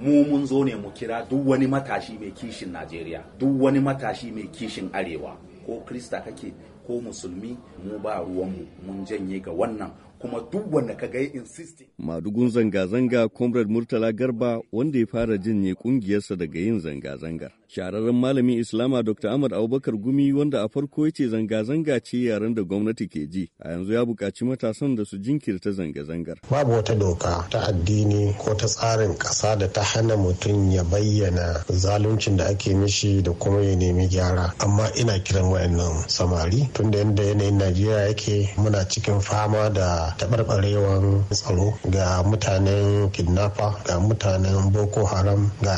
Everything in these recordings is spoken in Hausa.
mu mun zo ne mu kira duk wani matashi mai kishin najeriya duk wani matashi mai kishin arewa ko krista kake ko musulmi mu ba ruwan mu mun janye ga wannan kuma duk wanda ka ga insisting. Madugun zanga-zanga Comrade Murtala Garba wanda ya fara jinye kungiyarsa daga yin zanga-zangar. Shahararren malamin Islama Dr. Ahmad Abubakar Gumi wanda a farko ya ce zanga-zanga ce yaren da gwamnati ke ji, a yanzu ya buƙaci matasan da su jinkirta zanga-zangar. Babu wata doka ta addini ko ta tsarin ƙasa da ta hana mutum ya bayyana zaluncin da ake mishi da kuma ya nemi gyara. Amma ina kiran wayannan samari tunda yadda yanayin Najeriya yake muna cikin fama da taɓarɓarewar tsaro ga mutanen kidnapper ga mutanen boko haram ga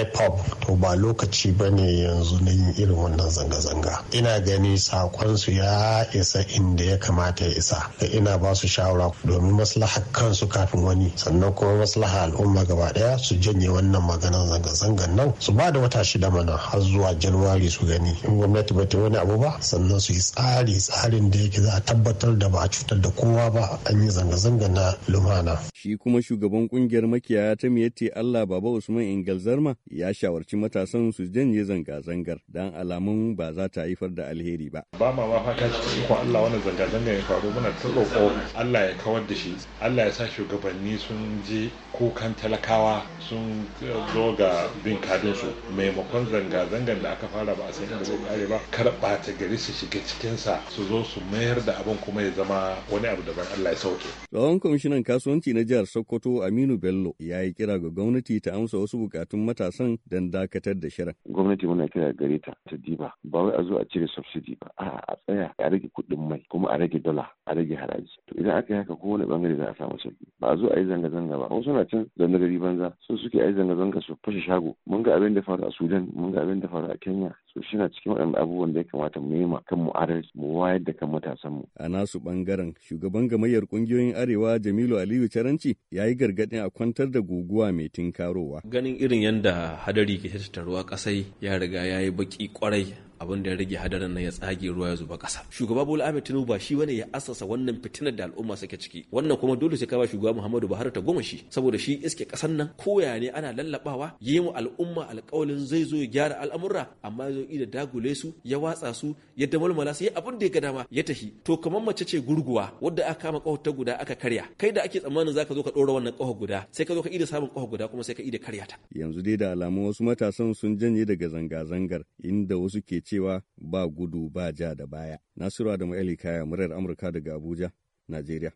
ipop to ba lokaci ba ne yanzu na yin irin wannan zanga-zanga ina gani sakonsu ya isa inda ya kamata ya isa da ina ba su shawara domin maslahar kansu kafin wani sannan kuma maslaha al'umma gaba ɗaya su janye wannan maganar zanga zanga nan su ba da wata shida mana har zuwa januwari su gani in gwamnati ba ta wani abu ba sannan su yi tsari tsarin da yake za a tabbatar da ba a cutar da kowa ba ba an yi zanga-zanga na lumana. Shi kuma shugaban kungiyar makiyaya ta miyatti Allah Baba Usman Ingal Zarma ya shawarci matasan su janye zanga-zangar don alamun ba za ta haifar da alheri ba. Ba ma ma fata cikin ko Allah wannan zanga-zanga ya faru muna ta roƙo Allah ya kawar da shi. Allah ya sa shugabanni sun je kukan talakawa sun zo ga bin su maimakon zanga-zangar da aka fara ba a san inda zai kare ba kar ɓata gari su shiga cikinsa su zo su mayar da abin kuma ya zama wani abu daban Allah ya sauke. Tsohon kwamishinan kasuwanci na jihar Sokoto Aminu Bello ya yi kira ga gwamnati ta amsa wasu bukatun matasan don dakatar da shirin. Gwamnati muna kira gare ta ta diba ba wai a zo a cire subsidy ba a a tsaya a rage kuɗin mai kuma a rage dala a rage haraji. To idan aka yi haka kowane bangare za a samu sauki. Ba a zo a yi zanga-zanga ba wasu na can zanga gari banza sun suke a yi zanga-zanga su fashe shago. Mun ga abin da faru a Sudan mun ga abin da faru a Kenya su na cikin waɗanda abubuwan da ya kamata mu yi kan mu adalci mu wayar da kan matasan mu a nasu bangaren shugaban gamayyar ƙungiyoyin arewa Jamilu Aliyu Caranci ya yi gargaɗin a kwantar da guguwa mai tinkarowa ganin irin yadda hadari ke tattaruwa kasai ya riga ya yi baki kwarai abin da ya rage hadarin nan ya tsage ruwa ya zuba ƙasa shugaba bola ahmed tinubu ba shi wani ya asasa wannan fitinar da al'umma suke ciki wannan kuma dole sai ka ba shugaba muhammadu buhari ta goma shi saboda shi iske ƙasar nan koya ne ana lallabawa yi mu al'umma alƙawalin zai zo ya gyara al'amurra amma ya zo ida dagule su ya watsa su ya malmala su ya abin da ya ga dama ya tafi to kamar mace ce gurguwa wadda aka kama ƙahon ta guda aka karya kai da ake tsammanin zaka zo ka ɗora wannan ƙahon guda sai ka zo ka ida samun ƙahon guda kuma sai ka ida karya ta yanzu dai da alamu wasu matasan sun janye daga zanga-zangar inda wasu ke ci cewa ba gudu ba ja da baya. Nasiru Adamu Eli Kaya, murar Amurka daga Abuja, Najeriya.